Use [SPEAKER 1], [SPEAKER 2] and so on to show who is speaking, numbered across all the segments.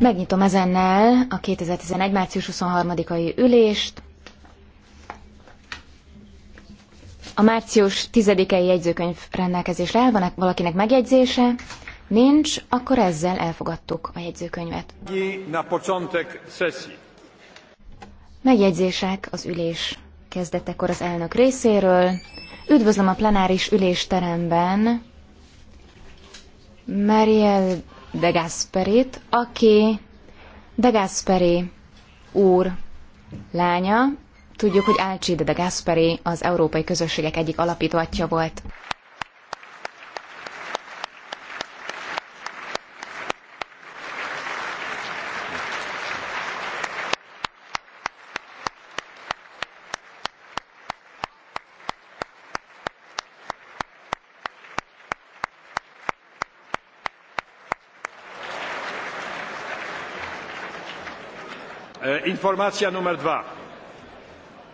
[SPEAKER 1] Megnyitom ezennel a 2011. március 23-ai ülést. A március 10 ei jegyzőkönyv rendelkezésre el van valakinek megjegyzése? Nincs, akkor ezzel elfogadtuk a jegyzőkönyvet. Megjegyzések az ülés kezdetekor az elnök részéről. Üdvözlöm a plenáris ülésteremben Mariel de Gasperit, aki De Gasperi úr lánya, tudjuk, hogy Alcide De Gasperi az európai közösségek egyik alapítóatja volt.
[SPEAKER 2] 2.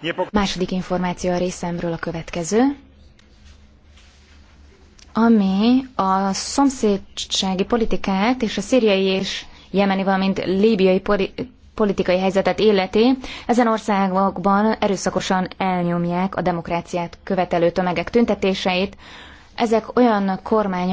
[SPEAKER 2] E,
[SPEAKER 1] Második információ a részemről a következő, ami a szomszédsági politikát és a szíriai és jemeni, valamint líbiai politikai helyzetet illeti, ezen országokban erőszakosan elnyomják a demokráciát követelő tömegek tüntetéseit. Ezek olyan kormányok,